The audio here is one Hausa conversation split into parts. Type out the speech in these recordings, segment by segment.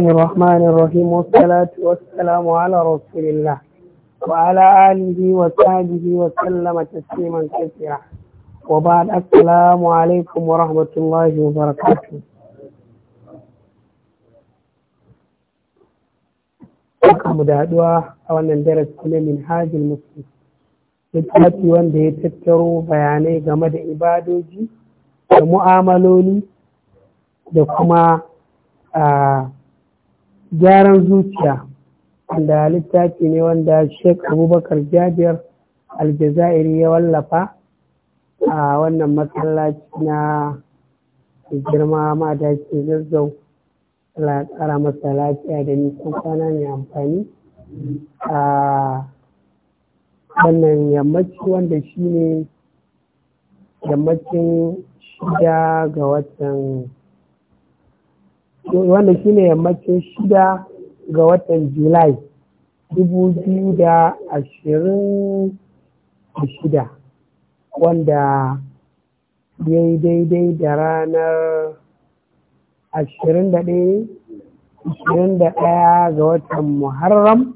الله الرحمن الرحيم والصلاة والسلام على رسول الله وعلى آله وصحبه وسلم تسليما كثيرا وبعد السلام عليكم ورحمة الله وبركاته mu دعوة أولا درس كل من هذه minhajin muslim littafi wanda ya tattaro bayanai game da ibadoji da mu'amaloli da kuma gyaran zuciya wanda littafi ne wanda sheik abubakar jajiyar aljazairi ya wallafa a wannan masallaci na girma ma ke zazzau tsara matsalaci a da nisan kwana mai amfani a wannan yammaci wanda shi ne yammacin shida ga watan wanda ne yammacin shida ga watan julai dubu biyu da ashirin da shida wanda ya yi daidai da ranar ashirin da ɗaya ga watan muharram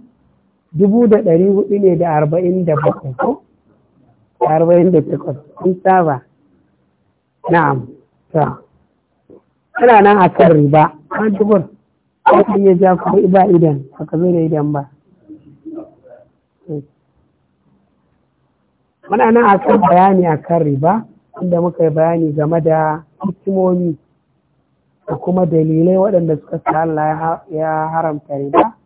dubu da ɗari ne da arba'in da bakwai arba'in da takwas sun saba na'am ta Ina nan a kan riba an dubur kan iya ja ko ba idan haka zai da idan ba muna nan a kan bayani a kan riba inda muka yi bayani game da hikimomi da kuma dalilai waɗanda suka sa Allah ya haramta riba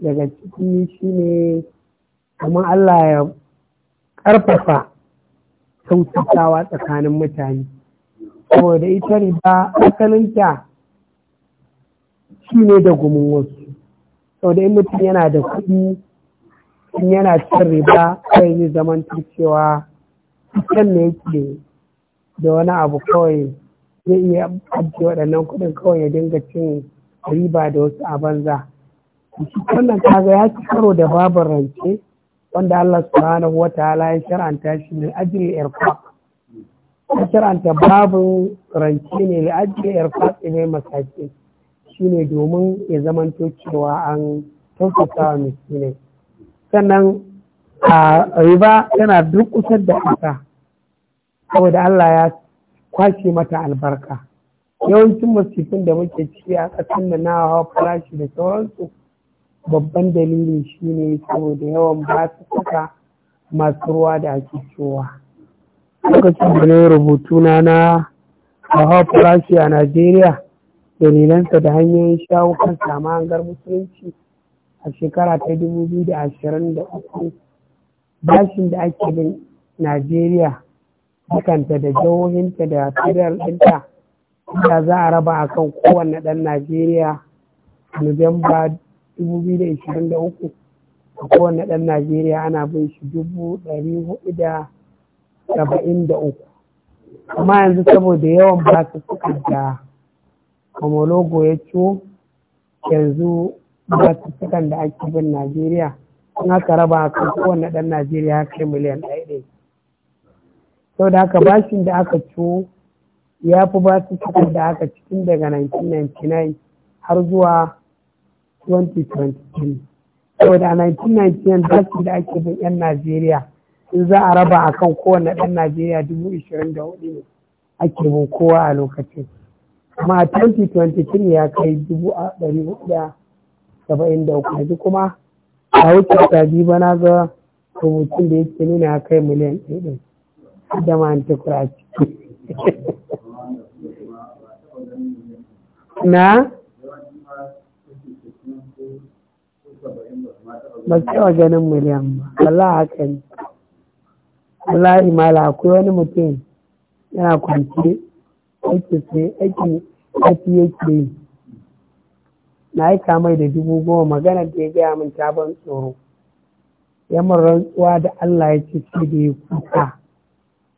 daga cikin shi ne kuma Allah ya ƙarfafa kyautatawa tsakanin mutane saboda ita riba asalinta shi ne da gumin wasu saboda in mutum yana da kudi, in yana cin riba kai ne zaman cewa kan ne yake da wani abu kawai zai iya ajiye waɗannan kuɗin kawai ya dinga cin riba da wasu a banza wannan kaga ya ci karo da babar rance wanda Allah subhanahu wa ta'ala ya shar'anta shi ne ajiyar irfaq a kiranta babin rance ne yar yarfatsi mai masaki shi ne domin ya zamanto cewa an tausasa wa ne sannan a riba duk durkusar da ƙasa saboda Allah ya kwashe mata albarka yawancin masifin da muke ci a ƙasar da na hawa farashi da sauransu babban dalili shine saboda yawan ba su suka masu ruwa da ake cewa. lokacin da na yi rubutu na na hawa farashi a najeriya dalilansa da hanyoyin shawo kan sama hangar musulunci a shekara ta 2023 bashin da ake bin najeriya hakanta da jihohinta da federal ɗinta da za a raba a kan kowanne ɗan najeriya a nuwamba 2023 a kowanne ɗan najeriya ana bin shi dubu ɗari hudu da saba'in da uku amma yanzu saboda yawan basu suka da homologo ya ciwo yanzu basu da ake bin najeriya in aka raba a kan kowane ɗan najeriya ya kai miliyan ɗaya ɗaya sau da aka bashin da aka ciwo ya fi basu sukan da aka cikin daga 1999 har zuwa 2023 saboda a 1999 da ake bin 'yan najeriya in za a raba akan kowane ɗan najeriya dubu ishirin da hudu ne ake bin kowa a lokacin amma a 2023 ya kai dubu a ɗari hudu da saba'in da uku yanzu kuma a wuce ba na ga rubutun da yake nuna ya kai miliyan ɗaya ɗin da ma ta tukura ciki na ba su yawa ganin miliyan ba Allah haka ne wallahi mala akwai wani mutum yana kwanci ake sai ake ake yake yi na aika mai da dubu goma magana da ya gaya min ta ban tsoro ya rantsuwa da Allah ya ce shi da ya kuka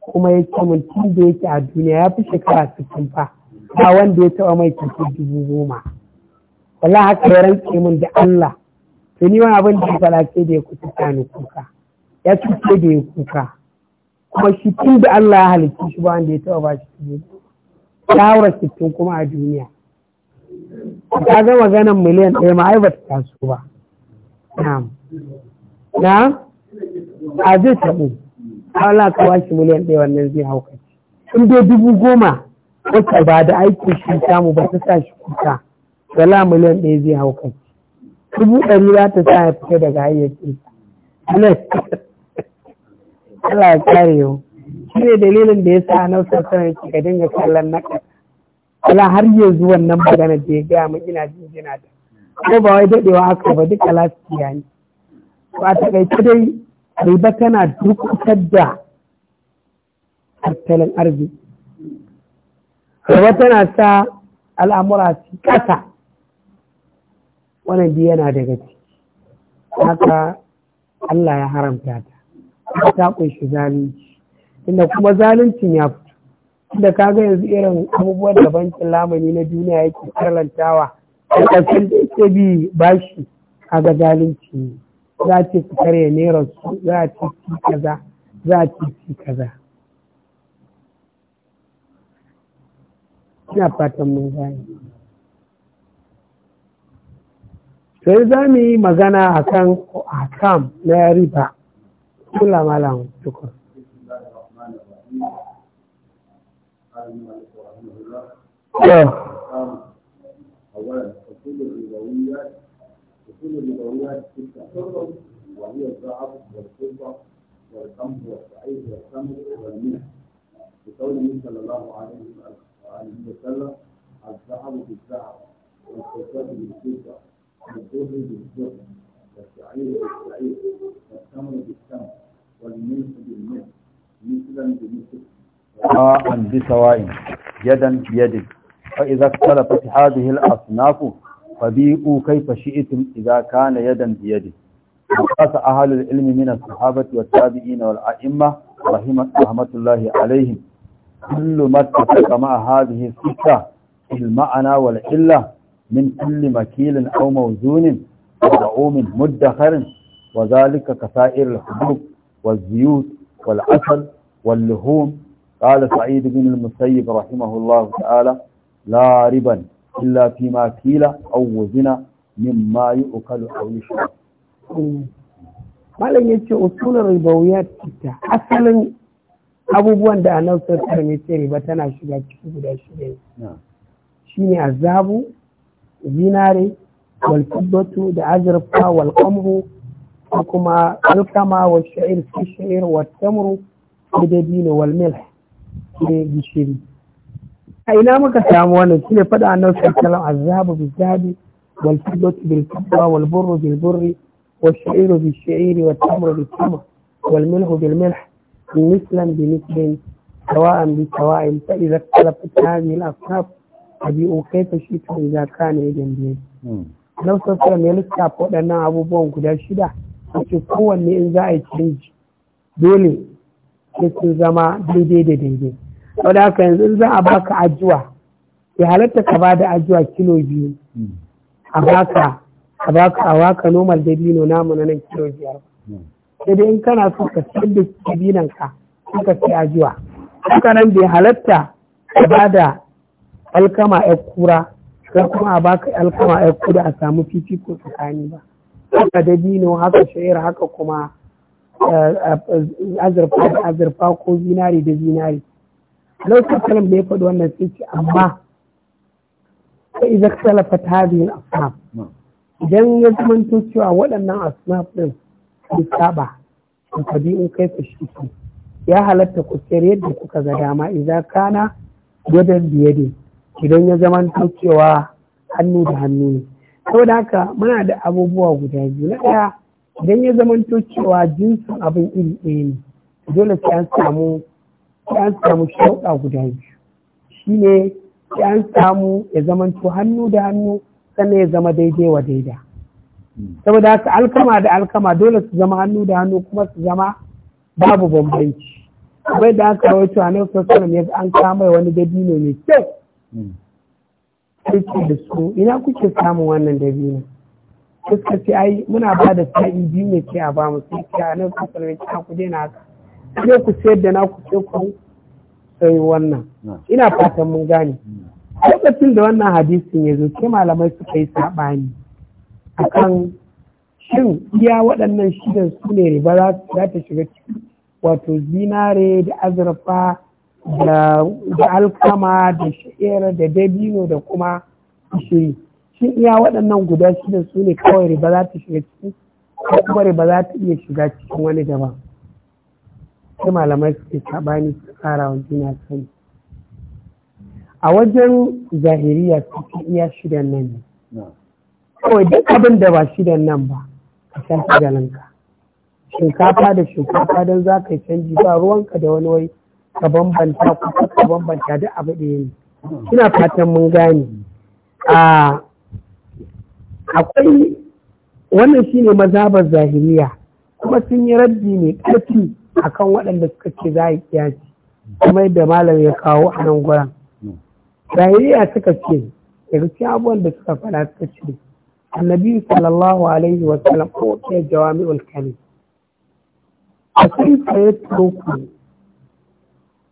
kuma ya ce min tun da yake a duniya ya fi shekara sittin fa ba wanda ya taba mai kyautar dubu goma wallahi haka ya rantse min da Allah tuni wani abin da ya fara da ya kuka kuka ya cuce da ya kuka kuma shi tun da Allah ya halitta shi ba wanda ya taba ba shi haura sittin kuma a duniya ka ga maganan miliyan ɗaya ma ai ba ta taso ba na'am na a zai taɓo Allah ka ba shi miliyan ɗaya wannan zai hauka in dai dubu goma wacce ba da aikin shi samu ba ta sa shi kuka dala miliyan ɗaya zai hauka dubu ɗari za ta sa ya fita daga hayyacinsa Allah ya kare yau shi ne dalilin da ya sa na sassan yake ka dinga kallon na Allah har yanzu wannan magana da ya gaya mu ina jin jina da ko ba wai daɗewa aka ba duka lafiya ne to a takaice dai riba tana dukkan da tattalin arziki riba tana sa al'amura su kasa wannan biyu yana daga ciki haka Allah ya haramta ta kuma ta kunshi zalunci inda kuma zaluncin ya fito inda kaga yanzu irin abubuwan da bankin lamani na duniya yake karlantawa a ƙarshen da yake bi bashi kaga zalunci ne za a ce su karya naira su za a ce ci kaza za a ce ci kaza ina fatan mun gani sai za mu yi magana akan akam na riba كل ما لهم شكرا أولا أصول الربويات أصول الربويات ستة وهي الذهب والفضة والصعيد والملح النبي صلى الله عليه وآله وسلم الذهب بالذهب والفضة بالفضة والفضة بالفضة والشعير بالشعير والتمر بالتمر والملح بالملح مثلا بمثل سواء بسواء يدا بيد فإذا اختلفت هذه الأصناف فبيئوا كيف شئتم إذا كان يدا بيد وقاس أهل العلم من الصحابة والتابعين والأئمة رحمة الله عليهم كل ما اتفق مع هذه الستة في المعنى والعلة من كل مكيل أو موزون ودعوم مدخر وذلك كسائر الحبوب والزيوت والعسل واللهوم قال سعيد بن المسيب رحمه الله تعالى لا ربا إلا فيما كيل أو وزن مما يؤكل أو يشرب malam ya ce usular ribawiyar ta asalin abubuwan da annabi sallallahu ya ce riba tana shiga ciki guda shida ne azabu zinare والفضة da azurfa والقمر da kuma alkama wa sha'ir fi sha'ir wa tamru da dabino wal a ina muka samu wani shine faɗa annabi sallallahu alaihi wasallam azhabu bi zahabi wal fiddatu bil fidda wal burru bil burri wal sha'iru bi sha'iri wa tamru bi tamr wal milhu bil milh mislan bi mislin سواء بسواء فإذا اختلفت هذه الأصناف أبيئوا كيف شئتم nan sassan ya lissafa waɗannan abubuwan guda shida ce kowanne in za a yi canji dole sai su zama daidai da daidai wadda haka yanzu in za a baka ajiwa, ya halatta ka ba da ajiwa kilo biyu a baka a baka a waka normal dabino namu na nan kilo biyar sai dai in kana so ka san da dabinan ka ka sai ajiwa haka nan bai halatta ka ba da alkama ya kura kar kuma a baka alkama a kudu a samu fifiko tsakani ba haka dabino haka shayar haka kuma eh, azurfa ko zinari da zinari lokacin kalam da ya faɗi wannan sai ce amma ta iza salafa ta biyun asnaf idan ya zamanto cewa waɗannan asnaf ɗin sun saba in ka in kai ka shi ya halatta ku sayar yadda kuka ga dama iza kana gwadon biyade idan ya zama cewa hannu da hannu ne saboda haka muna da abubuwa guda biyu na ɗaya idan ya zama cewa jinsin abin iri ɗaya ne dole sai an samu sai an samu shauɗa guda biyu shine sai an samu ya zama hannu da hannu sannan ya zama daidai wa daida saboda haka alkama da alkama dole su zama hannu da hannu kuma su zama babu bambanci bai da aka rawaito a nan sosai ya an kama wani dabino mai kyau kuke da su ina kuke samun wannan dabino suka ce ai muna ba da sa'i biyu ne ke a ba mu sai ce a nan kusur ne kina ku daina haka sai ku sayar da na ku ce ku sai wannan ina fatan mun gane lokacin da wannan hadisin ya zo ke malamai suka yi saɓani akan shin iya waɗannan shidan su ne riba za ta shiga ciki wato zinare da azurfa da alkama da sha'ira da dabino da kuma shiri shi iya waɗannan guda shida su ne kawai riba za ta shiga ciki ko kuma riba za ta iya shiga cikin wani daban sai malamai suke saɓani su ƙara wa juna sani a wajen zahiriya suke iya shidan nan ne kawai duk abin da ba shidan nan ba ka san galinka shinkafa da shinkafa don za ka yi canji ba ruwanka da wani wai ka bambanta kusa ka bambanta da abu ɗaya ne ina fatan mun gane a akwai wannan shine mazhabar zahiriya kuma sun yi rabbi mai ƙarfi akan waɗanda suka ce za a kiyaci kuma da malam ya kawo a nan guran zahiriya suka ce daga cikin abubuwan da suka fara suka ce annabi sallallahu alaihi wa sallam ko ke jawami'ul ulkani a cikin fa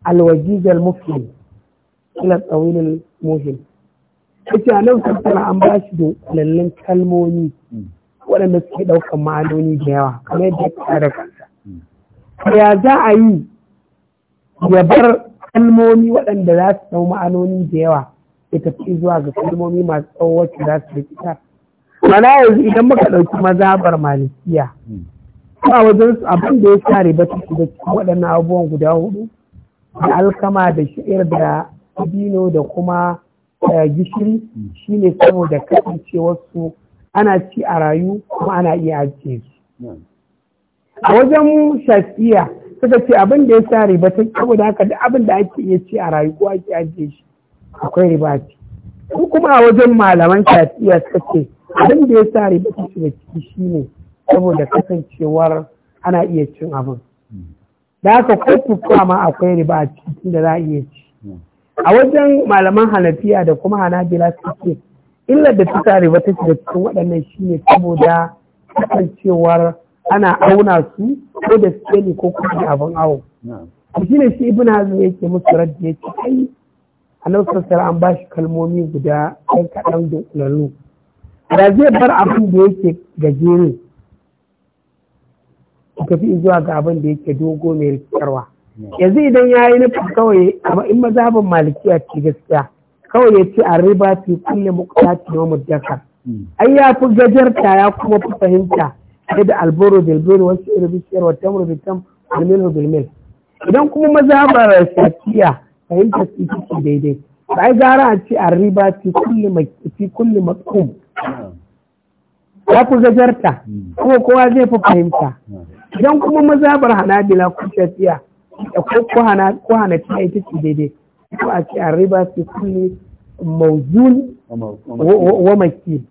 alwajij al-mufhim ila tsawil muhim kace anan kuma an ba shi da lallin kalmomi waɗanda suke ɗaukar ma'anoni da yawa kamar yadda ya tsara kansa ya za a yi ya bar kalmomi waɗanda za su ɗau ma'anoni da yawa ya tafi zuwa ga kalmomi masu tsawo wacce za su rikita mana yanzu idan muka ɗauki mazabar bar malakiya. wajen su abin da ya share ba ta shiga cikin waɗannan abubuwan guda hudu da alkama da shi'ir da dino da kuma eh, gishiri shi ne saboda kasancewarsu ana ci a rayu kuma ana iya ajiye su a wajen shafiya suka ce abin da ya sa riba ta saboda haka da abin da ake iya ci a rayu ko ake ajiye shi akwai riba ce su kuma a wajen malaman shafiya suka ce abin da ya sa riba ta shiga ciki ne saboda kasancewar ana iya cin abin da haka ko kuka ma akwai riba a cikin da za a iya ci a wajen malaman hanafiya da kuma hanabila suke illar da ta riba ta shiga cikin waɗannan shine saboda kasancewar ana auna su ko da ne ko kuma abin awo shi ne shi ibn hazm yake musu raddi yake kai annabi sallallahu an shi kalmomi guda ɗan kaɗan da ulalu. da zai bar abin da yake gajere ka fi zuwa ga abin da yake dogo mai rikitarwa yanzu idan ya yi nufin kawai amma in mazhabin malikiya ce gaskiya kawai ya ce a riba fi kulle ce wa muddakar ai ya fi gajarta ya kuma fi fahimta sai da alboro bilboro wasu irin bishiyar wa tamru bitam almilu bilmil idan kuma mazhabar shafiya fahimta su ce daidai ai gara a ce a riba fi kulle fi kulle ya fi gajarta kuma kowa zai fi fahimta idan kuma mazabar hanabila ko shafiya da ko ko hanafiya ita ce daidai ko a ce an riba su kulle mawzun wa maki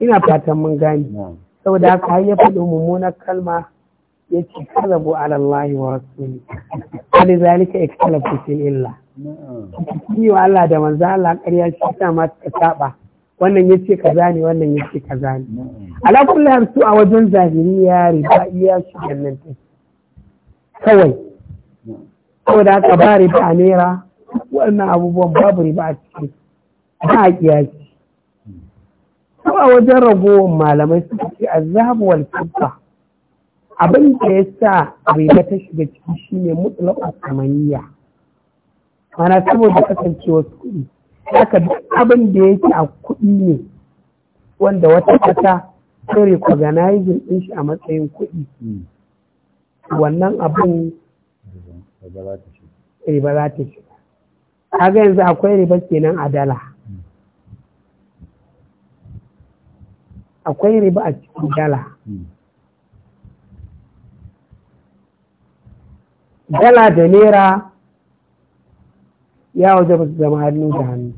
ina fatan mun gani saboda haka hanyar faɗin mummunar kalma ya ce kalabu alallahi wa rasuli wani zalika ikhtalafu fil illa yi wa Allah da manzo Allah ƙarya shi ta ma ta saba wannan ya ce kaza ne wannan ya ce kaza ne alakun kullum su a wajen zahiri ya riba iya shi nan ta kawai saboda haka ba riba a naira wannan abubuwan babu riba a ciki ba a kiyaki su a wajen ragowar malamai suka ce azabu wal kibba abin da ya sa riba ta shiga ciki shine mutlaqat samaniya mana saboda kasancewar kuɗi haka duk abin da yake a kuɗi ne wanda wata ƙasa ta recognizing ɗin shi a matsayin kuɗi hmm. wannan abin riba za ta shiga kaga yanzu akwai riba kenan a dala hmm. akwai riba a cikin dala hmm. dala da naira ya waje ba su zama hannu da hannu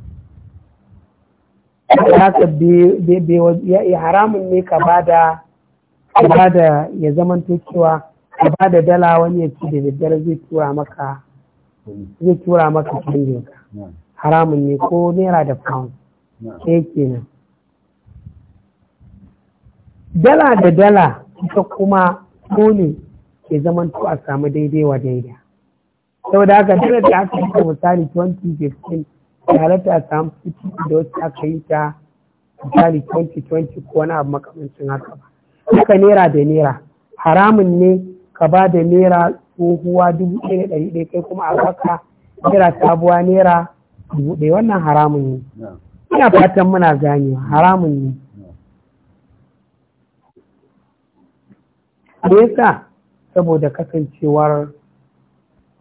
haka haramun ne ka bada da ya zamanto cewa ka bada dala wani ya ci da daddare zai tura maka zai tura maka haramun ne ko naira da pound ke kenan dala da dala ita kuma ko ne ke zamanto a samu daidai wa daidai. saboda haka tun da aka yi ta misali 2015 da halatta a samu fiti da wasu aka yi ta misali 2020 ko wani abu makamancin haka ba duka naira da naira haramun ne ka ba da naira tsohuwa dubu ɗaya da ɗari ɗaya kai kuma a baka nera sabuwa naira dubu ɗaya wannan haramun ne ina fatan muna gane haramun ne me yasa saboda kasancewar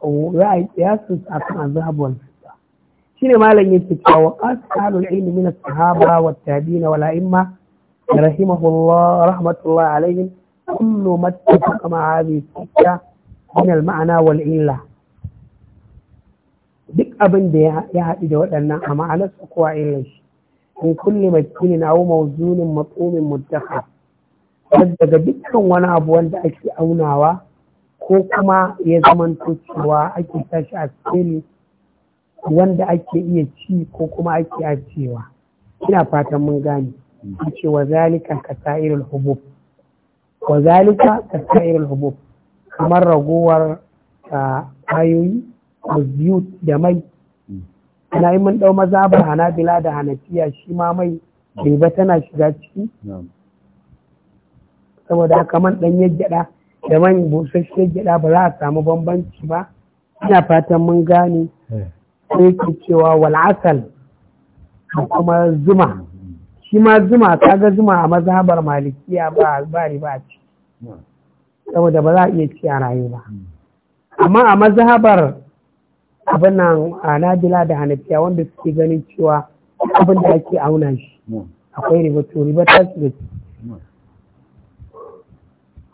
ويأسس أكثر عن ذهب والفضة شين ما لن يتكوى وقاس أهل العلم من الصحابة والتابين والأئمة رحمه الله رحمة الله عليهم كل ما اتفق مع هذه الفكرة من المعنى والإلة duk abin da ya haɗu da waɗannan a ma'anar su kuwa ilin shi in kulli makini na au mauzunin matsumin mutaka daga ko kuma ya zamanto cewa ake tashi a cikin wanda ake iya ci ko kuma ake ajiyewa ina fatan mun gane ce wa zalika ka sa'irin hubub wa zalika ka sa'irin hubub kamar ragowar kayoyi maziyut da mai ana yi mun dau hana bila da hanafiya shi ma mai riba tana shiga ciki saboda haka man dan yaggada da man busasshiyar gyaɗa ba za a samu bambanci ba ina fatan mun gane ko eh. yake cewa wal'asal da kuma zuma shi ma zuma kaga zuma a mazhabar malikiya ba ba riba ce saboda ba za a iya ci a rayu ba amma a mazhabar abin nan a nabila da hanafiya wanda suke ganin cewa abin da ake auna shi hmm. akwai riba to ta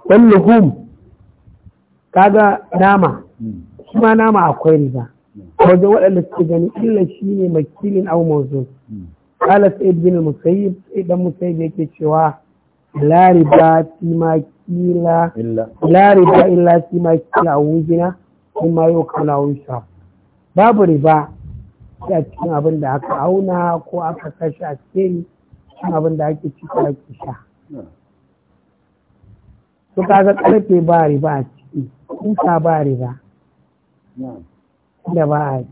wal hum, kaga nama shi ma nama akwai riba wajen waɗanda suke gani illa shi ne makilin au mawzu qala sa'id bin musayyib idan musayyib yake cewa la riba fi ma kila la riba illa fi ma kila awujina in ma yau babu riba a cikin abin da aka auna ko aka kashe a cikin abin da ake ci ko ake sha to kaga karfe ba ciki kusa ba da ba a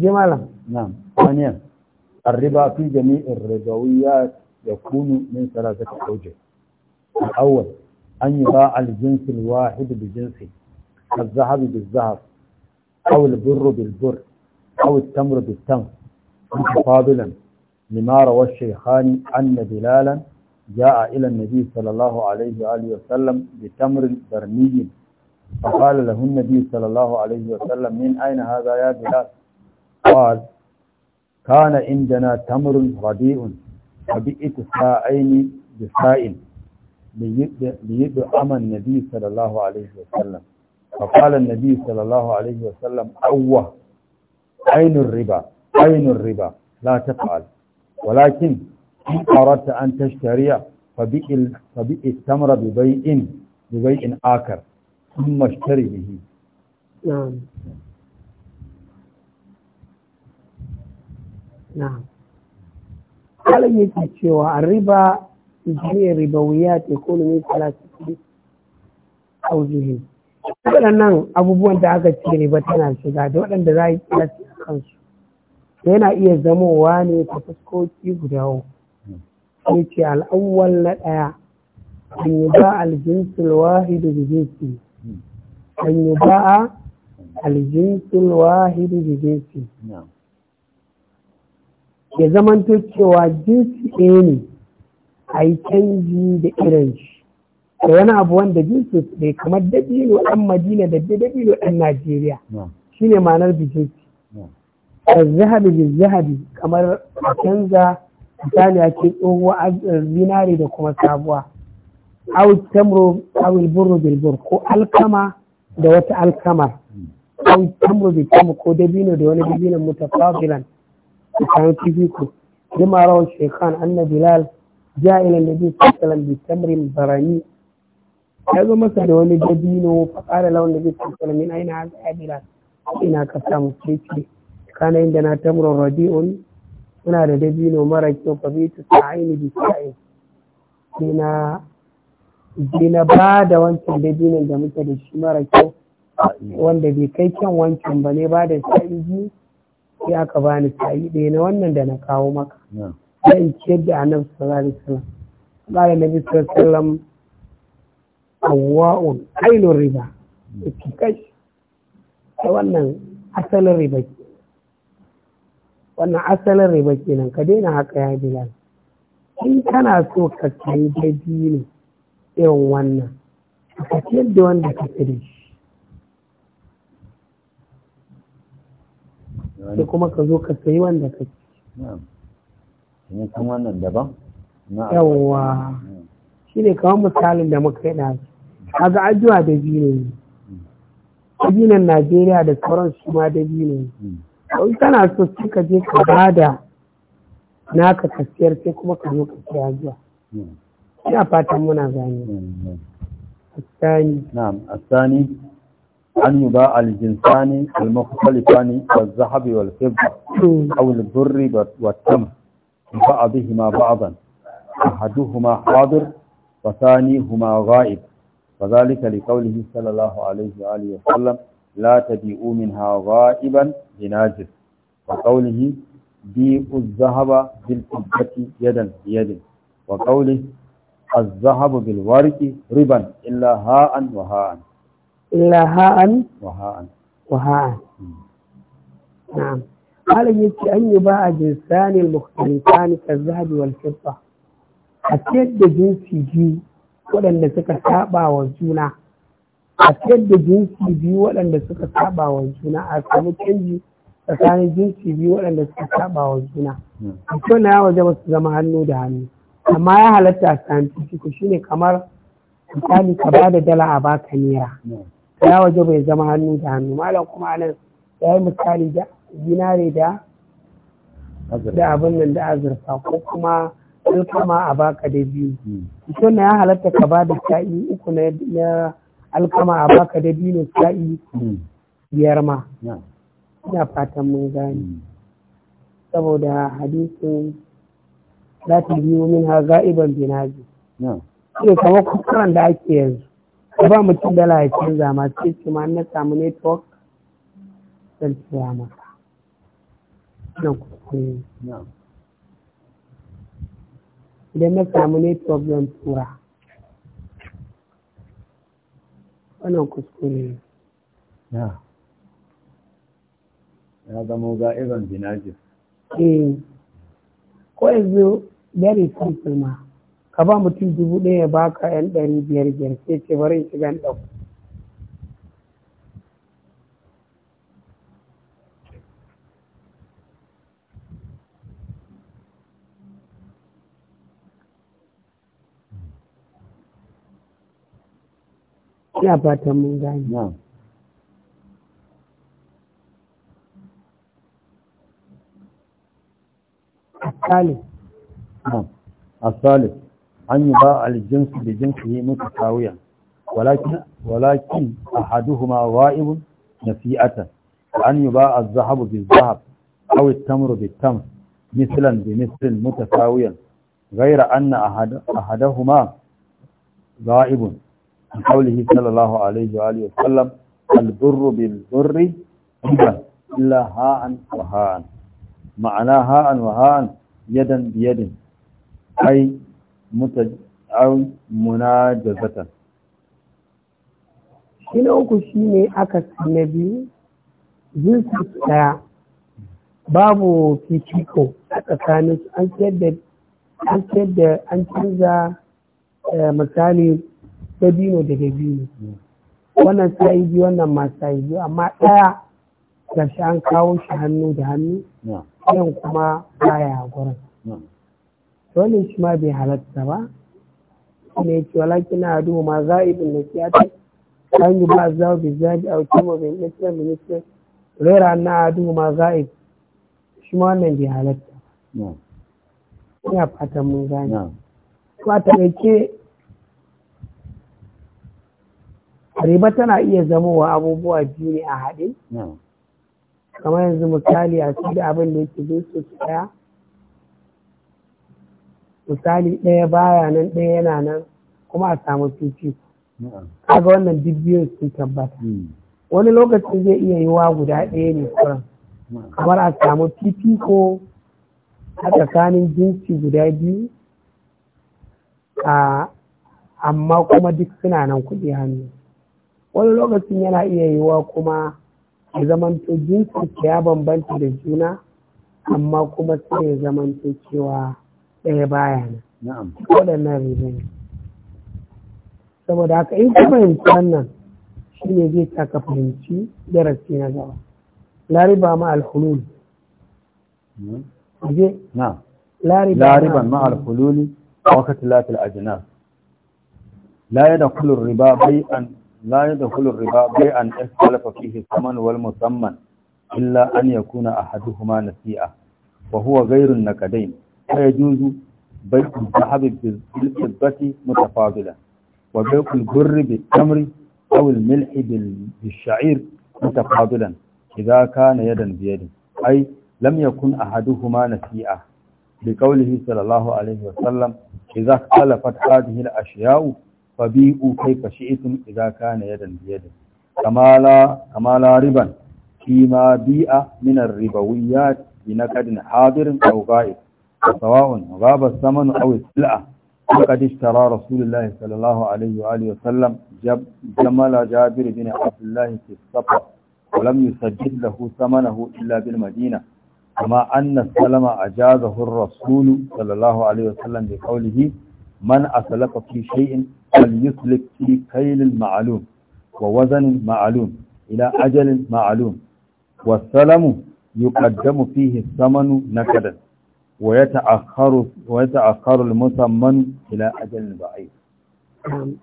ji malam الربا في جميع الربويات يكون من ثلاثة أوجه الأول أن يباع الجنس الواحد بجنسه الذهب بالذهب أو البر بالبر أو التمر بالتمر متقابلا لما روى الشيخان أن بلالا جاء إلى النبي صلى الله عليه وآله وسلم بتمر برمي فقال له النبي صلى الله عليه وسلم من أين هذا يا بلال قال كان عندنا تمر رديء فبئت ساعين بسائل ليدعم النبي صلى الله عليه وسلم فقال النبي صلى الله عليه وسلم أوه عين الربا عين الربا لا تفعل ولكن in aradta an tashtariya fa bi'il fa bi'i tamra bi bai'in bi bai'in akar in mashtari bihi na'am na'am kala yake cewa riba jami'a ribawiya ta kone ne kala cikin auzihin waɗannan abubuwan da aka ce riba tana shiga da waɗanda za a yi kila kansu yana iya zamowa ne ta fuskoki guda uku yake al'awwal na ɗaya an yi ba aljinsul wahidu da jinsi an yi ba a aljinsul wahidu da jinsi ya zamanto cewa jinsi ɗaya ne a yi canji da irin shi da wani abu wanda jinsi ɗaya kamar dabino ɗan madina da dabino ɗan najeriya shine ma'anar bijinsi zahabi zahabi kamar a canza misali a ce tsohuwa eh, zinare da kuma sabuwa au tamro au burro bilbur ko alkama da wata alkamar au tamro da tamu ko dabino da wani dabinan mutafafilan da kayan fifiko jima rawar shekan anna bilal ja'ilan da nabi sallallahu bi tamrin barani ya zo masa da wani dabino fa qala da nabi sallallahu alaihi wasallam min aina hadha bilal ina ka samu ceci kana inda na tamron radi'un muna da dabino mara kyau fa ta sa'ini da sa'in sai na na ba da wancan dabinon da muke da shi mara kyau wanda bai kai kyan wancan ba ne ba da sa'i ji sai aka bani sa'i ɗaya na wannan da na kawo maka sai in ciyar da annabi sallallahu alaihi wasallam قال النبي صلى الله عليه وسلم riba عين mm. الربا ta wannan asalin riba wannan asalin riba kenan ka daina haka ya bilal in kana so ka kai dabino irin wannan ka ciyar da wanda ka fi da shi da kuma ka zo ka sayi wanda ka ci ne kan wannan daban yawwa shi ne kamar misalin da muka yi ɗazu kaga ajuwa da biyu ne mm. dabinan najeriya da sauran su ma da biyu ne mm. in kana so sai ka je ka bada naka kasiyar sai kuma ka zo ka siya zuwa hmm. ina fatan muna gani الثاني نعم الثاني أن يباع الجنسان المختلفان والذهب والفضة أو البر والتمر يباع بهما بعضا أحدهما حاضر وثانيهما غائب وذلك لقوله صلى الله عليه وآله وسلم la tabi'u minha ghaiban binajir wa qawlihi bi'u adh-dhahaba bil fiddati yadan biyadin wa qawlihi adh-dhahabu riban illa ha'an wa ha'an illa ha'an wa an yi ba a jinsani da jinsi biyu waɗanda suka saba wa juna a fitar da jinsi biyu waɗanda suka saba wa juna a samu canji tsakanin jinsi biyu waɗanda suka saba wa juna mutum na waje ba su zama hannu da hannu amma ya halatta a scientific shine kamar misali ka ba da dala a baka naira ya waje bai zama hannu da hannu malam kuma anan ya yi misali da zinare da da abin da azurfa ko kuma alkama a baka da biyu mutum na ya halatta ka ba da sa'i uku na alkama a baka da biyu sa'i hmm. biyar ma ina fatan mun gani hmm. saboda hadisin za ta biyo min ha ga'iban binaji ne kamar kukuran da ake yanzu ba mutum dala ya canza zama sai ce ma na samu network zan tsaya maka nan kuskure idan na samu network zan tura ana kuskure ya ya zama irin binajis eh ko yanzu very simple ma ka ba mutum dubu ɗaya ya baka yan ɗari biyar biyar sai ce bari shiga ɗauka ya fata mun gani. Asali. An yi ba aljinsu da jinsu ne muka walakin a hadu kuma wa’ibun na fi’ata, an yi ba a zahabu bin zahab, awi tamuru bin tam, misilan bin misilin muka kawuya, gaira an na a hadu kuma wa’ibun عن قوله صلى الله عليه وآله وسلم البر بالبر إلا هاء وهاء معنى هاء وهاء يدا بيد أي متج أو مناجزة shi na شيني أكس ne جلسة na biyu jinsi ɗaya babu fifiko a tsakanin an da an canza misali dabino daga biyu wannan sa'i biyu wannan ma sa'i biyu amma ɗaya ga shi an kawo shi hannu da hannu yan kuma baya a gurin wannan shi ma bai halatta ba ne yake walakin na adu ma za'ibin da kiyata kan yi ba za a zabi a kuma bin isra ministan rera na adu ma za a yi. shi ma wannan bai halatta ba ina fatan mun gane ko a taƙaice riba tana iya zamowa abubuwa biyu ne a haɗe kamar yanzu misali a cikin abin da yake zai su ɗaya misali ɗaya baya nan ɗaya yana nan kuma a samu fifi kaga wannan bidiyon sun tabbata hmm. wani lokacin zai iya wa guda ɗaya ne kuran kamar a samu fifi ko a tsakanin jinsi guda biyu amma kuma duk suna nan kuɗi hannu wani lokacin yana iya yiwuwa kuma ya zamanto jinsinsa ya bambanta da juna amma kuma sai ya zamanto cewa ɗaya baya nan waɗannan riba ne saboda haka in kuma yin wannan shi ne zai taka fahimci darasi na gaba lariba ma alhulul lariban ma alhululi a wakati latil ajina la yana kulun riba bai an da hulun riba bai'an ikhtalafa fihi thaman wal musamman illa an yakuna ahaduhuma nasi'a wa huwa ghayru nakadain fa yajuzu bai'u dhahabi bil fiddati mutafadilan wa bai'u al burri bil tamri aw al milhi bil sha'ir mutafadilan kana yadan bi yadin ay lam yakun ahaduhuma nasi'a بقوله صلى الله عليه وسلم إذا اختلفت هذه الأشياء fabi’u kai fashi’itun Iza, kana yadan biyadin kamala riban kima bi’a minar riba, ya na kadin hadirin ɗauka’i a tsawon babar saman awis la’a a kadin sallallahu alaihi wa’aliyu sallam jamala jabir bin abdullahi ke safa ƙulam yi sajid da hu samana hu madina amma salama a jazahun rasulu sallallahu alaihi wa sallam da kaulihi man asalaka fi shay'in falyuslik fi kaylin wa wazanin ma'lum ila ajalin والسلم يقدم فيه الثمن نكدا ويتأخر ويتأخر المثمن إلى أجل بعيد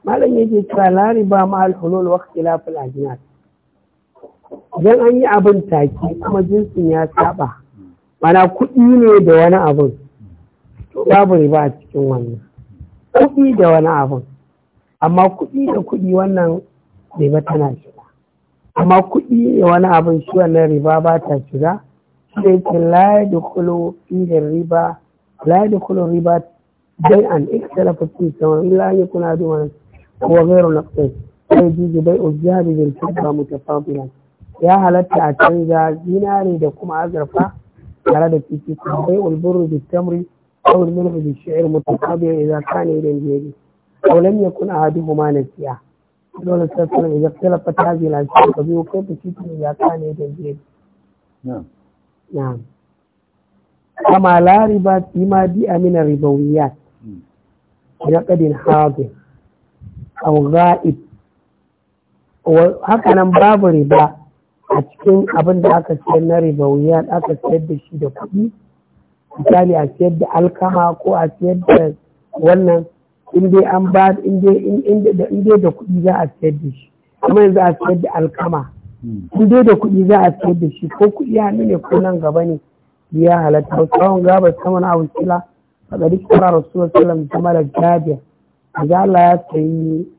malam yake cewa lariba ma alhulul wa ikhtilafil idan an yi abin take kuma jinsin ya saba mana kuɗi ne da wani abin babu riba a cikin wannan kuɗi da wani abun amma kuɗi da kuɗi wannan riba tana shiga amma kuɗi da wani abun shi wannan riba ba ta shiga shi ce la da kulo da riba la da kulo riba dai an ikhtala fi sama illa kuna da wani wa na naqsin sai jiji bai ujabi mu tafa mutafadilan ya halatta a canza zinare da kuma azurfa tare da fifiko bai ulburu da tamri أو المنع بالشعر متقابلا إذا كان إلى الجيد أو لم يكن أحدهما نسيا دولة السلام إذا اختلفت هذه الأشياء فبيه كيف تكون إذا كان إلى الجيد نعم نعم كما لا ربا فيما جاء من الربويات نقد حاضر أو غائب وهكذا باب ربا a cikin abin da aka sayar na ribawiyar aka sayar da shi da kuɗi misali a siyar da alkama ko a siyar da wannan in dai an ba in dai da kuɗi za a siyar da shi kuma yanzu a siyar da alkama hmm. in dai da kuɗi za a siyar da shi ko kuɗi hannu ne ko nan gaba ne ya halatta tsawon gaba sama na awusila a gari kira rasulullah sallam kuma mara jabiya ga Allah ya sayi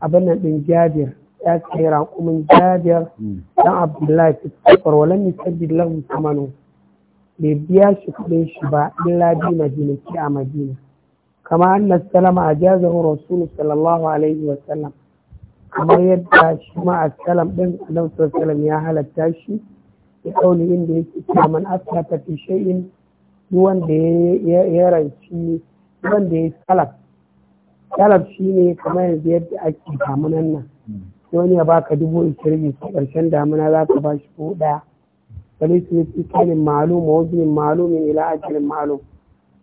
abin nan ɗin jabiya ya sayi raƙumin jabiya hmm. dan abdullahi ta tsakar walan misali samanu bai biya shi kuɗin shi ba illa bi madina ki a madina kama na salama a jazahu rasulu sallallahu alaihi wa sallam kamar yadda shi ma a salam din annabi sallallahu ya halatta shi ya kauli inda yake cewa man asata fi shay'in da ya ranci wanda ya salaf salaf shine kamar yanzu yadda ake damunan nan wani ya baka dubu ishirin ƙarshen damuna za ka ba shi ko ɗaya فليس مثل معلوم ووزن معلوم إلى أجل معلوم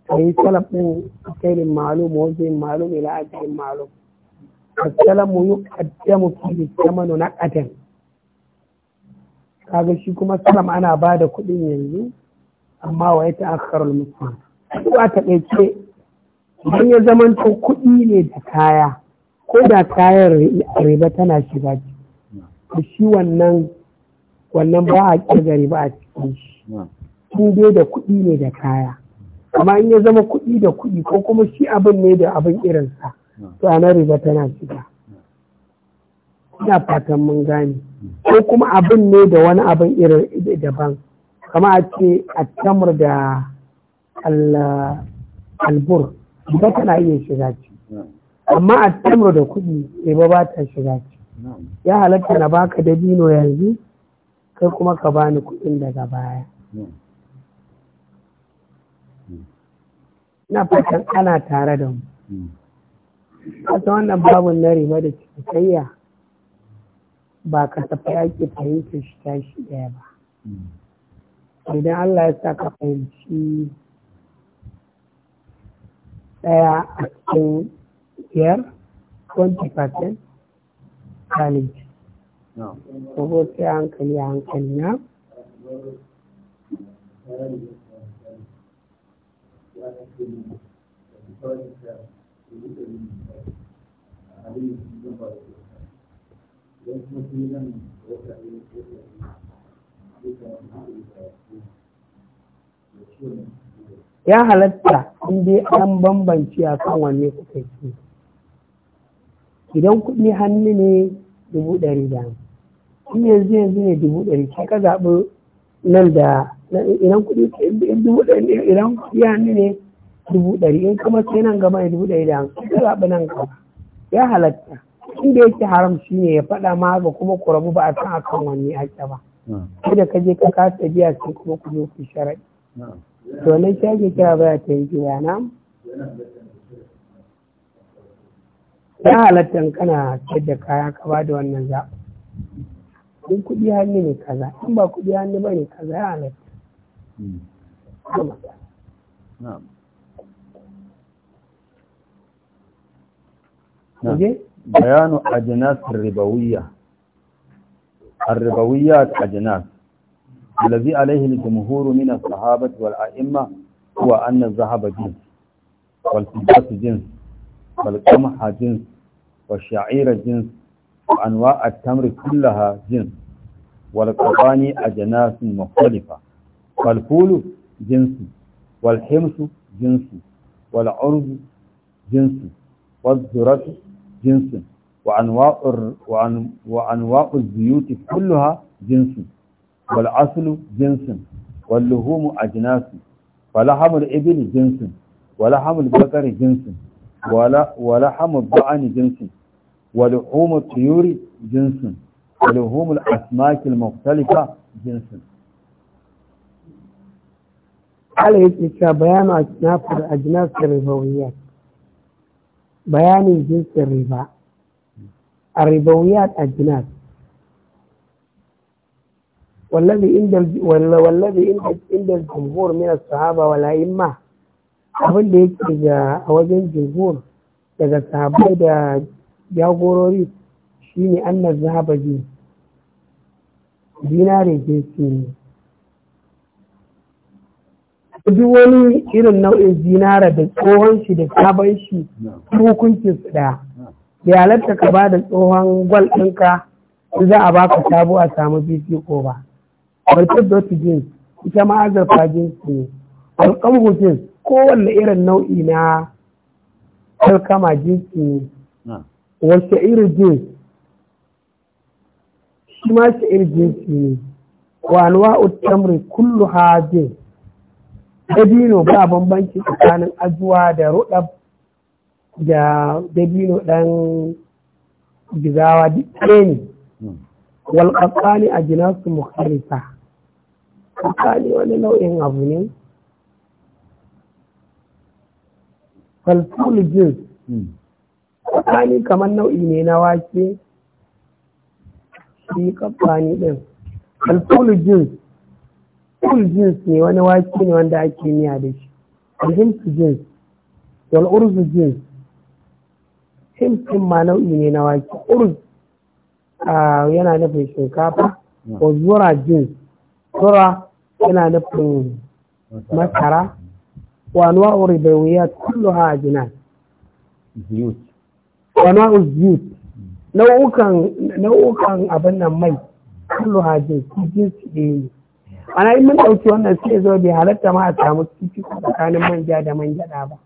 فهي سلف من معلوم ووزن معلوم إلى أجل معلوم السلام يقدم في الزمن نقدا kaga shi kuma salam ana ba da kuɗin yanzu amma wa ya ta'akkarul mutum a taƙaice idan ya zamanto kuɗi ne da kaya ko da kayan riba tana shiga shi wannan wannan ba a gari ba a cikin shi tun dai da kuɗi ne da kaya amma in ya zama kuɗi da kuɗi ko kuma shi abin ne da abin irinsa to ana riba tana shiga ina fatan mun gane ko kuma abin ne da wani abin irin daban kama a ce a tamar da albur riba tana iya shiga ci amma a tamar da kuɗi riba ba ta shiga ci ya halatta na baka dabino yanzu sai kuma ka bani kuɗin daga baya na fatan ana tare da mu kasa wannan babun na riba da cinikayya ba ka tafi ake fahimtar shi tashi ɗaya ba idan Allah ya sa ka fahimci ɗaya a cikin biyar 20% kalin ko sai hankali hankali na ya halatta in dai an bambanci a kan wanne kuka ke idan kuɗi hannu ne dubu ɗari da in yanzu yanzu ne dubu ɗari kai ka zaɓi nan da idan kuɗi in dubu ɗari idan kuɗi hannu ne dubu ɗari in kuma sai nan gama ya dubu ɗari da an ka zaɓi nan ka ya halatta inda yake haram shi ne ya faɗa ma ba kuma ku rabu ba a san akan wani haƙƙa ba sai da ka je ka kasa biya sai kuma ku zo ku sharaɗi to wannan shi ake kira baya ta yi biya na ya halatta kana sayar da kaya ka ba da wannan zaɓi in kuɗi hannu ne kaza in ba kuɗi hannu ba ne kaza ya hmm. ne bayanu ajinas ribawiyya arribawiyya ta ajinas lalazi alaihi jumhuru min sahabat wal a'imma huwa annan zahaba jins wal fijasu jins wal jins wal sha'ira jins wa anwa at-tamri kullaha jins wal qawani ajnasun mukhtalifa wal fulu jinsun wal himsu jinsun wal urdu jinsun wal zuratu jinsun wa anwa'ur wa an wa anwa'uz ziyuti kullaha jinsun wal aslu jinsun wal luhumu ajnasun falahamul ibli jinsun walahamul bakari jinsun wala walahamul ba'ani jinsun ولحوم الطيور جنس ولحوم الأسماك المختلفة جنس على إذنك بيان أجناس الأجناس الربويات بيان جنس الربا الربويات أجناس والذي عند والذي عند الجمهور من الصحابة والأئمة abin da إذا ga جمهور إذا jihur daga jagorori shine annar zahaba biyu zinare ke ne duk wani irin nau'in zinara da tsohon shi da sabon shi hukuncin su ɗaya da halatta ka ba da tsohon gwal ɗinka za a baka sabo a samu bc ko ba barkar dotu jeans ita ma azurfa su ne alƙamhu jeans kowanne irin nau'i na alkama jeans ne والشعير الجنس شما شعير جنسي وأنواع التمر كلها جنس dabino ba bambanci tsakanin ajuwa da rudab da dabino ɗan gizawa duk ɗaya ne walƙaƙani a jinasu mukhalifa ƙaƙani wani nau'in abu ne falfulu jins hmm. Ƙafani kamar nau'i ne na wake, shi ƙafani ɗin. Alfulu jins, ful jins ne wani wake ne wanda ake miya da shi. Alhimsu jins, wal'urzu jins, himsin ma nau'i ne na wake. Urz yana nufin shinkafa, ko zura jins, zura yana nufin masara, wa anwa'u ribawiyat kulluha ajinat. Ziyut. sana'uz jiyut nau'ukan abin nan mai kallo hajji jinsi ɗaya ne ana yi mun ɗauki wannan sai zo bai halatta ma a samu cikin tsakanin manja da man gyaɗa ba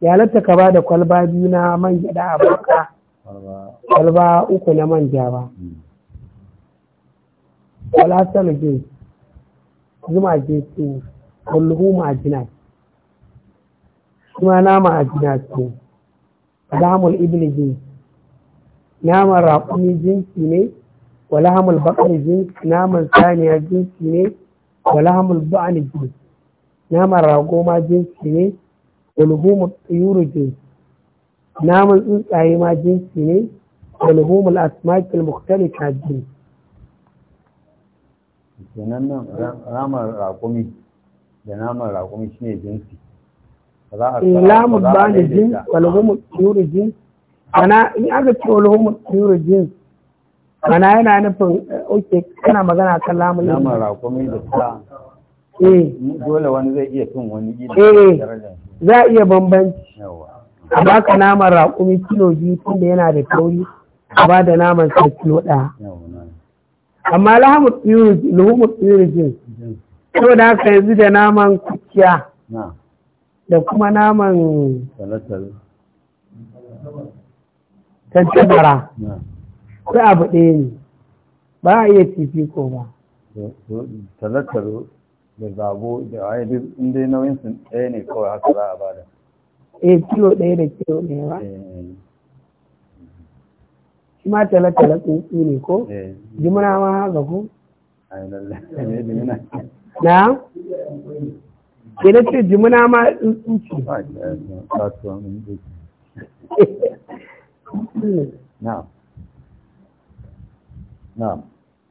ya halatta ka ba da kwalba biyu na man gyaɗa a baka kwalba uku na manja ba kwalasar hmm. jins zuma jinsi kullu majina kuma nama ajina su lamul ibni jinsi naman raƙumi jinsi ne walahamul bakar jinsi naman saniya jinsi ne walahamul ba'ani jinsi naman rago ma jinsi ne walhumul tsayuru jinsi naman tsuntsaye ma jinsi ne walhumul asmakil mukhtalika jinsi kenan nan ramar raƙumi da naman raƙumi shine jinsi Eh, lamu balijin walhumu yurijin ana in aka ce walhumu yurijin ana yana nufin eh, oke kana magana kan lamun yurijin lamun rakumi da sa eh. dole wani zai iya cin wani gida eh za a iya bambanci a baka naman raƙumi kilo biyu tunda yana da kauri a ba da naman sa kilo ɗaya amma lahamu tsiri ko da haka yanzu da naman kuciya da kuma naman tantabara sai abu ɗaya ne ba a iya fifiko ba talataro da zabo da ayyadin inda nauyin sun ɗaya ne kawai haka za a bada eh kilo ɗaya da kilo ɗaya ba eh. shi ma talatala tsuntsu ne ko eh. jimina ma haka ko na ke na ce jimina ma tsuntsu ce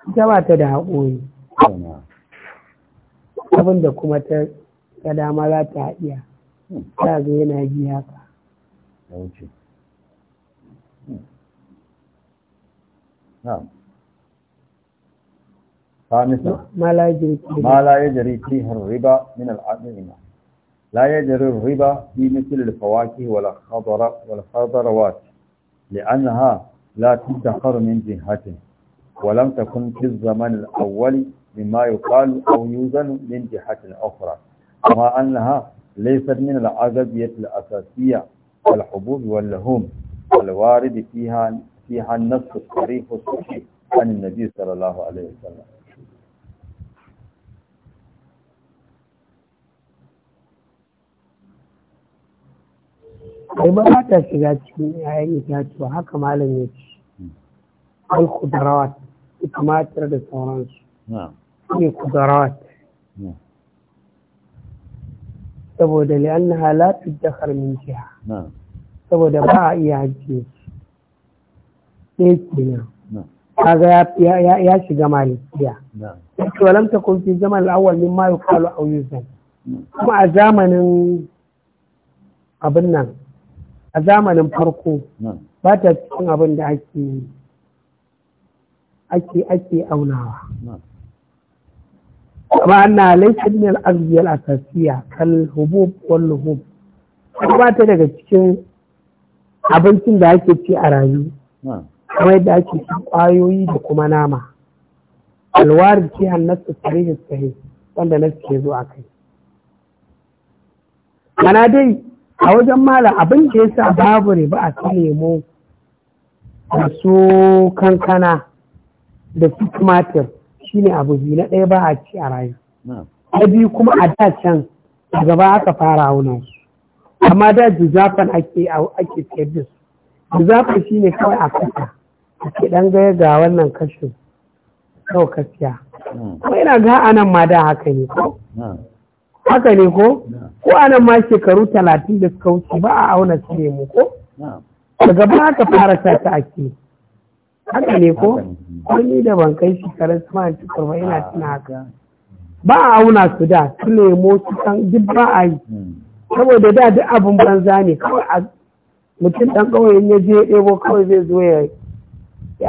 ita ba ta da haƙori da kuma ta ta dama za ta haɗiya ta zo yana ji haka Na'am. خامسا ما لا يجري فيه ما لا يجري فيه الربا من الأطعمة لا يجري الربا في مثل الفواكه ولا الخضر ولا الخضروات لأنها لا تدخر من جهته ولم تكن في الزمن الأول مما يقال أو يوزن من جهة أخرى كما أنها ليست من العزبية الأساسية والحبوب واللحوم الوارد فيها فيها النص الصريح الصحيح عن النبي صلى الله عليه وسلم ai ba ta shiga cikin 'ya'yan itatuwa haka malam ya ce al kudarawat tumatir da sauransu ne kudarawat saboda li'anna halatu dakhar min jiha saboda ba a iya hajji ɗaya kenan kaga ya shiga malikiya yake walam ta kun fi zaman al'awwal min ma yuqalu aw yuzan kuma a zamanin abin nan a zamanin farko ba ta cikin abin da ake ake aunawa Kuma na laifin ne al’arziyar asasiya kan hubub wal kuma ba ta daga cikin abincin da ake ci a rayu kamar yadda ake ci kwayoyi da kuma nama Alwar ce tare da tsaye wanda na suke zo a kai mana dai a wajen malam abin da ya sa babu riba a nemo lemo da su kankana da su tumatir shine abu biyu na ɗaya ba a ci a rayu na biyu kuma a da can a gaba aka fara auna su amma da juzafan ake ake da su shine kawai a kasa ake ɗan gaya ga wannan kashin kawai kasiya kuma ina ga anan ma da haka ne haka ne ko ko anan ma shekaru talatin da suka wuce ba a auna su ne mu ko daga ba aka fara sa ta ake haka ne ko wani da ban kai shekarun ma a cikar ba yana tuna haka ba a auna su da su mu su kan duk ba a yi hmm. saboda da duk abin banza ne kawai a mutum ɗan kawai ya je ɗebo kawai zai zo ya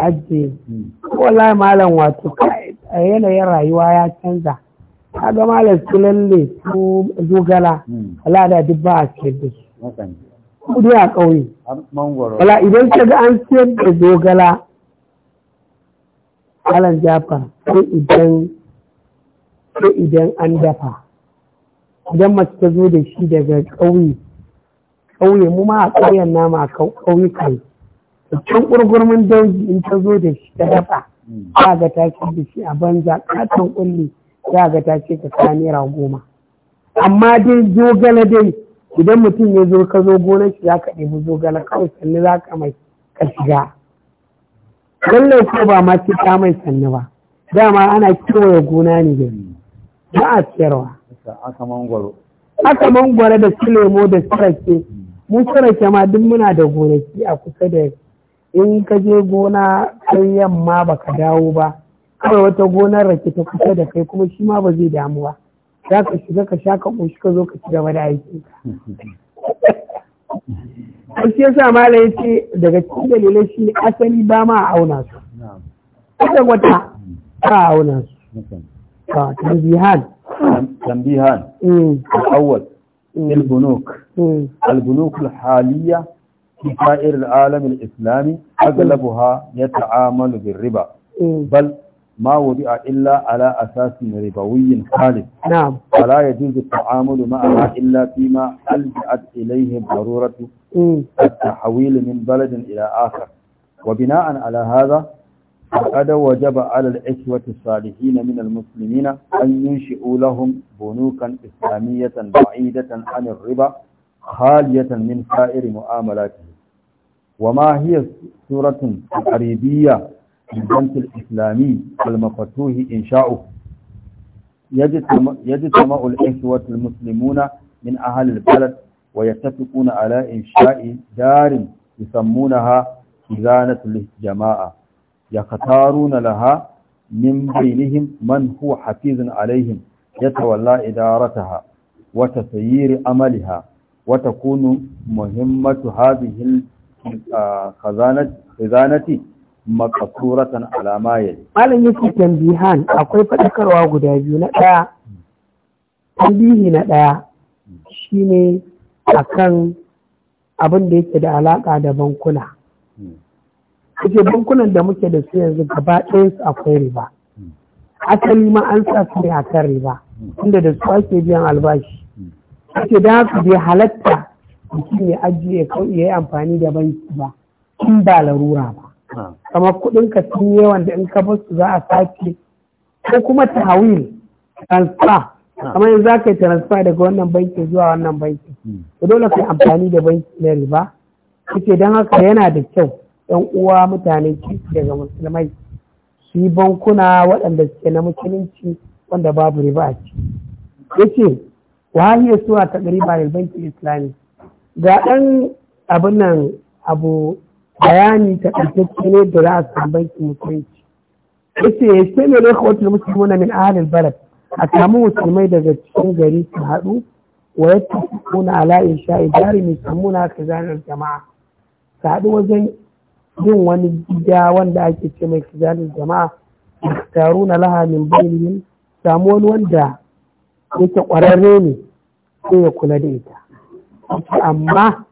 ajiye hmm. ko wallahi malam wato a yanayin rayuwa ya canza ka ga malam su lalle su zogala hmm. ala da duk a ciyar da su kudi a ƙauye ala idan ka ga an ciyar da zogala alan jafa ko idan an dafa idan mace ta zo da shi daga ƙauye ƙauye mu ma a ƙauyen nama a kai. can ƙurgurmin dauji in ta zo da shi ta dafa ba hmm. ga ta da shi a banza katon ƙulli ya ga ta ce ka kawo naira goma amma dai zogale dai idan mutum ya zo ka zo gona shi za ka ɗebi zogale kawai sannu za ka mai ka shiga lallai ko ba ma ce ta mai sannu ba dama ana kewaye gona ne da ba a siyarwa. aka mangwaro da su lemo da su rake mu rake ma duk muna da gonaki a kusa da in ka je gona kai yamma ba ka dawo ba kawai wata gonar rake ta kusa da kai kuma shi ma ba zai damu ba za ka shiga ka sha ka ƙoshi ka zo ka ci gaba da aiki ka shi yasa mala ya ce daga cikin dalilai shi ne asali ba ma a auna su wata wata ba a auna su tambihan tambihan al البنوك البنوك الحالية في سائر العالم الإسلامي أغلبها يتعامل بالربا بل ما وضع إلا على أساس ربوي خالد نعم فلا يجوز التعامل معها إلا فيما ألجأت إليه الضرورة التحويل من بلد إلى آخر وبناء على هذا فقد وجب على الإخوة الصالحين من المسلمين أن ينشئوا لهم بنوكا إسلامية بعيدة عن الربا خالية من سائر مؤاملاته وما هي سورة قريبية البنك الإسلامي المفتوح إنشاؤه يجتمع الإخوة المسلمون من أهل البلد ويتفقون على إنشاء دار يسمونها خزانة الجماعة يختارون لها من بينهم من هو حفيظ عليهم يتولى إدارتها وتسيير أملها وتكون مهمة هذه الخزانة maqsuratan alama ya yali malam yake tambihan akwai faɗakarwa guda biyu na ɗaya. tambihi na ɗaya shine akan abin da yake da alaƙa da bankuna kace bankunan da muke da su yanzu gaba ɗaya su akwai riba asali ma an sa su ne akan riba inda da su ake biyan albashi kace da haka bai halatta mutum ya ajiye ya yi amfani da banki ba in ba larura ba kamar kudin ka sun yi wanda in ka basu za a sake ko kuma tawil transfer kamar yanzu za ka yi transfer daga wannan banki zuwa wannan banki to dole ka amfani da banki na riba kuke don haka yana da kyau yan uwa mutane kirki daga musulmai su yi bankuna waɗanda suke na musulunci wanda babu riba a ciki yace wahiyar suwa ta ɗari ba banki islami ga ɗan abin nan abu bayani ta ne da za a samu bankin mutunci yace ya ce ne ne kawai na min ahalin balad a samu musulmai daga cikin gari su haɗu wa yadda kuna ala insha idari na ka zanar jama'a su haɗu wajen yin wani gida wanda ake ce mai zanar jama'a da taru na laha min samu wani wanda yake ƙwararre ne sai ya kula da ita amma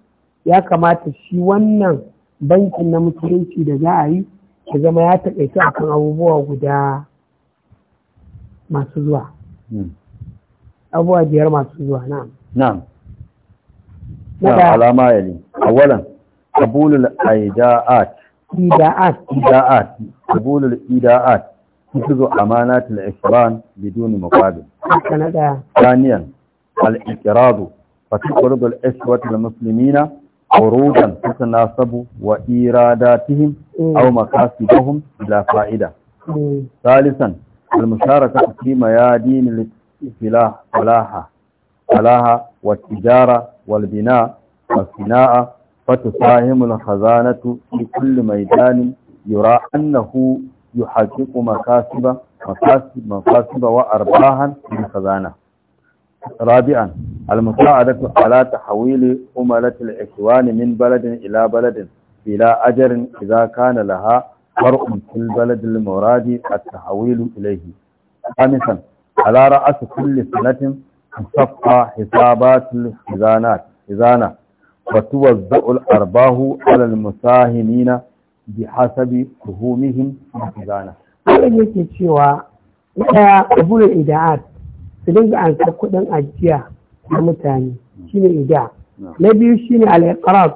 ya kamata shi wannan bankin na musulunci da za a yi ya zama ya taƙaita kan abubuwa guda masu zuwa hmm. abubuwa biyar masu zuwa na'am na'am na'am alama yali awalan qabulul aida'at ida'at ida'at qabulul ida'at تفض أمانات العشران بدون مقابل ثانيا الإقراض فتقرض الإسوة المسلمين urudan tatanasabu wa iradatihim aw maqasidahum ila fa'ida ثالثا المشاركة في ميادين الفلاح فلاحة فلاحة والتجارة والبناء والصناعة فتساهم الخزانة في كل ميدان يرى أنه يحقق مكاسب مكاسب مكاسب وأرباحا للخزانة رابعا المساعدة على تحويل أملة الإخوان من بلد إلى بلد بلا أجر إذا كان لها فرع في البلد المراد التحويل إليه خامسا على رأس كل سنة تصفى حسابات الخزانات خزانة وتوزع الأرباه على المساهمين بحسب سهومهم في الخزانة. yake cewa ita abul ida'at su dinga an sa kuɗin ajiya na mutane shine ida na biyu shine al-iqrab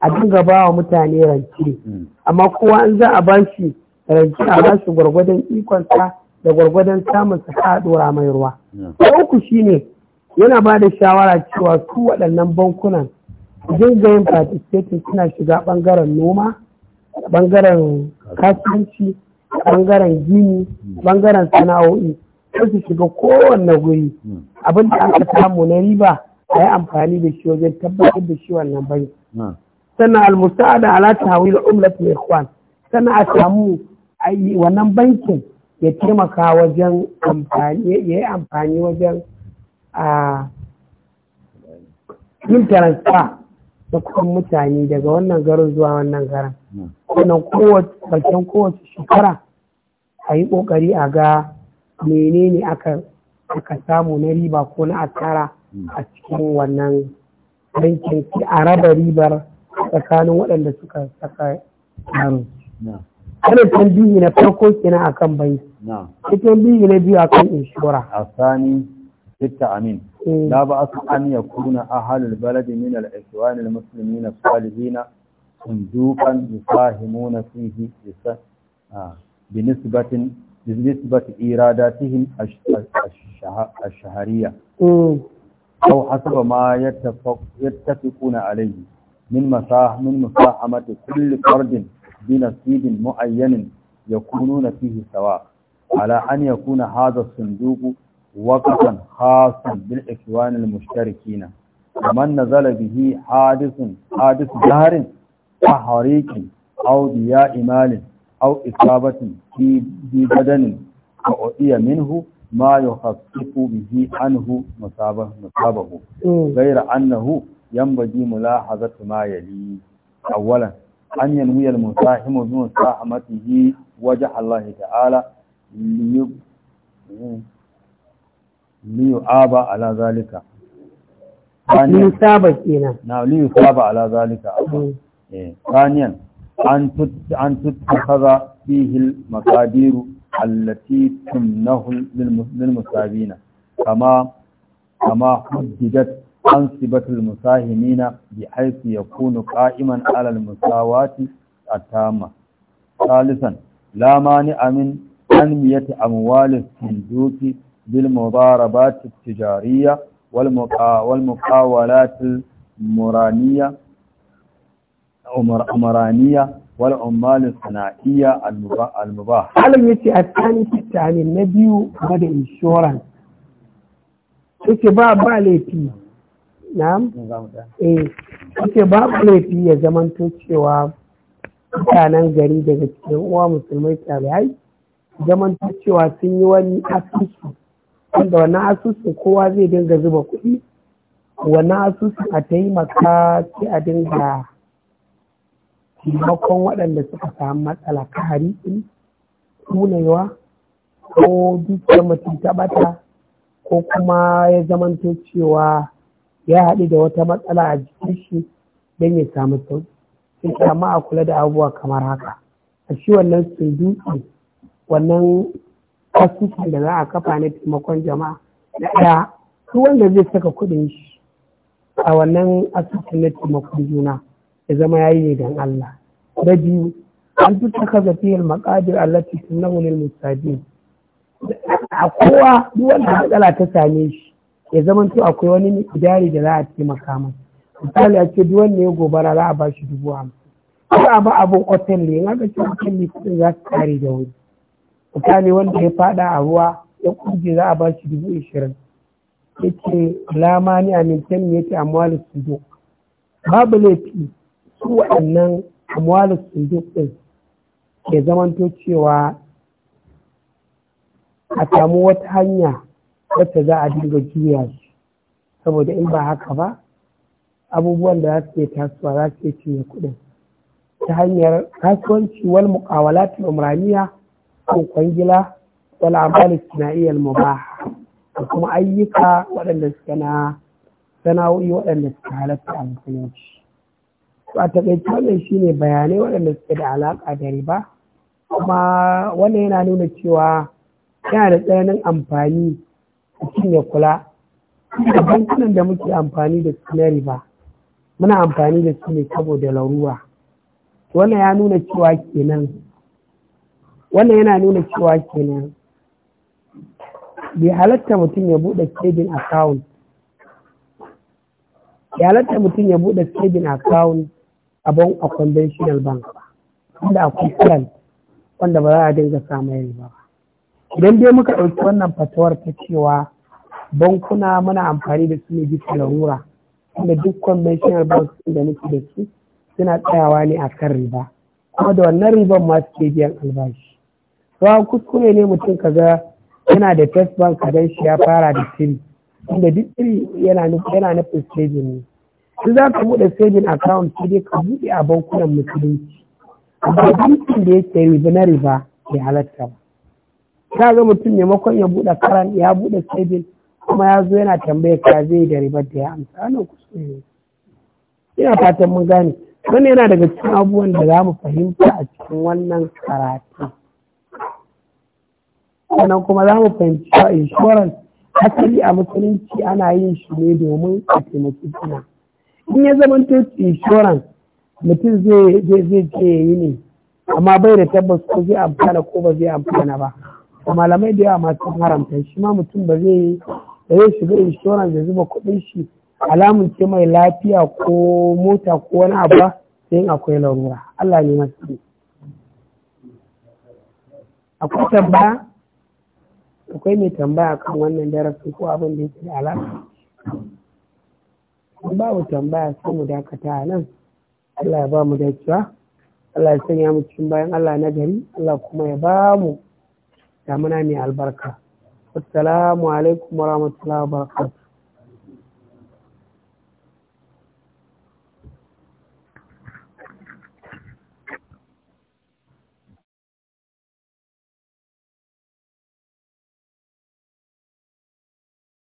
a dinga ba wa mutane rance hmm. amma kowa an za a bashi rance a bashi gwargwadon sa da gwargwadon samun sa ka dora mai ruwa na uku shine yana ba da shawara cewa su waɗannan bankunan dinga yin participating suna shiga ɓangaren noma ɓangaren kasuwanci ɓangaren gini hmm. ɓangaren sana'o'i sai su shiga kowanne guri hmm. abin da aka samu na riba a yi amfani da shi wajen tabbatar da shi wannan bai hmm. sannan alata hawi da umlat mai ikhwan sannan a samu wannan bankin ya taimaka wajen amfani ya yi amfani wajen a yin taransa da kuma mutane daga wannan garin zuwa wannan garin wannan hmm. kowace shekara a yi ƙoƙari a ga menene aka aka samu na riba ko na asara hmm. a cikin wannan bankin a raba ribar tsakanin waɗanda suka saka yaro. Wannan tambayi na farko kenan akan banki. Sai tambayi na biyu akan inshora. Asani Sitta Amin. لا بأس أن يكون أهل البلد من الإخوان المسلمين الصالحين صندوقا يساهمون فيه بنسبة بنسبة إيراداتهم الشهرية أو حسب ما يتفق يتفقون عليه من مساح من مساهمة كل فرد بنصيب معين يكونون فيه سواء على أن يكون هذا الصندوق وقتا خاصا بالإخوان المشتركين ومن نزل به حادث حادث جهر كحريق أو ضياء مال aw isabatin fi bi badanin fa udiya minhu ma yuhaqqiqu bihi anhu musabah musabahu hmm. ghayra annahu yanbaji mulahazatu ma yali awwalan an yanwi al musahimu bi musahamatihi wajh Allah ta'ala li yu'aba ala zalika ثانيا ثابت هنا نعم لي ثابت على ذلك ثانيا an tattakaza fihil makadiru allati tumnahu lil musabina kama kama hujjat ansibatu al musahimina bi haythu yakunu qa'iman ala al musawati atama salisan la mani amin an yati amwal al sunduqi bil mudarabat al tijariyya wal muqawalat al muraniyya umaraniya wal umal sana'iya al mubah alam yace atani fitani na biyu kuma da insurance yace ba ba laifi na'am eh yace ba ba laifi ya to cewa mutanen gari daga cikin uwa musulmai tabi'ai to cewa sun yi wani asusu wanda wannan asusun kowa zai dinga zuba kuɗi wannan asusun a taimaka sai a dinga taimakon waɗanda suka samu matsala ka hari in tunewa ko dukiyar mutum ta ɓata ko kuma ya zamanto cewa ya haɗu da wata matsala a jikin shi don ya samu sauƙi sun kama a kula da abubuwa kamar haka a shi wannan sunduki wannan kasusun da za a kafa na taimakon jama'a na ɗaya su wanda zai saka kuɗin shi a wannan asusun na taimakon juna ya zama ya yi don Allah da biyu an tuta kaza fiyar maƙadir allati sunnahu lil mustadin a kowa duk wanda matsala ta same shi ya zama to akwai wani jari da za a ce masa misali a ce duk wanda ya gobara za a ba shi dubu hamsin ko a ba abin otel ne in aka ce otel ne kuɗin za su kare da wuri misali wanda ya faɗa a ruwa ya kuje za a ba shi dubu ashirin yake lamani a mintan yake wani su babu laifi su waɗannan amwalus sunduk ɗin ke zamanto cewa a samu wata hanya wacce za a dinga juya su saboda in ba haka ba abubuwan da za su ke tasowa za su cinye kuɗin ta hanyar kasuwanci wal ta umraniya ko kwangila wal amal sinaiyal mubaha da kuma ayyuka waɗanda suka na sana'o'i waɗanda suka halatta a musulunci a takaice wannan shine bayanai waɗanda suke da alaƙa da riba kuma wannan yana nuna cewa yana da tsananin amfani mutum ya kula da bankunan da muke amfani da su na riba muna amfani da su ne saboda lauruwa. wannan ya nuna cewa kenan wannan yana nuna cewa kenan bai halatta mutum ya buɗe saving account ya halatta mutum ya buɗe saving account Abon a conventional bank ba wanda akwai plan wanda ba za a dinga samun yin ba idan dai muka ɗauki wannan fatawar ta cewa bankuna muna amfani da su ne bisa larura wanda duk conventional sun da nake da su suna tsayawa ne a kan riba kuma da wannan riban ma suke biyan albashi ba kuskure ne mutum kaga yana da test bank kadan shi ya fara da siri inda duk iri yana nufin staging ne in za ka buɗe saving account sai dai ka buɗe a bankunan musulunci amma bankin da yake riba na riba bai halatta ba ka ga mutum makon ya buɗe karan ya buɗe saving kuma ya zo yana tambaya ka zai da ribar da ya amsa wannan kuskure ne ina fatan mun gane wani yana daga cikin abubuwan da za mu fahimta a cikin wannan karatu sannan kuma za mu fahimci cewa insurance asali a musulunci ana yin shi ne domin a taimaki juna in ya zama to insurance mutum zai zai ce yi ne amma bai da tabbas ko zai amfana ko ba zai amfana ba da malamai da yawa masu haramta shi ma mutum ba zai shiga insurance da zuba kuɗin shi alamun ce mai lafiya ko mota ko wani abu sai akwai larura Allah ne masu akwai akwai mai tambaya kan wannan darasin ko abin da yake da alaƙa babu tambaya sai mu dakata a nan Allah ya ba mu dacewa Allah ya sanya mu cikin bayan Allah na gari Allah kuma ya ba mu damuna mai albarka assalamu alaikum wa wa barakatuh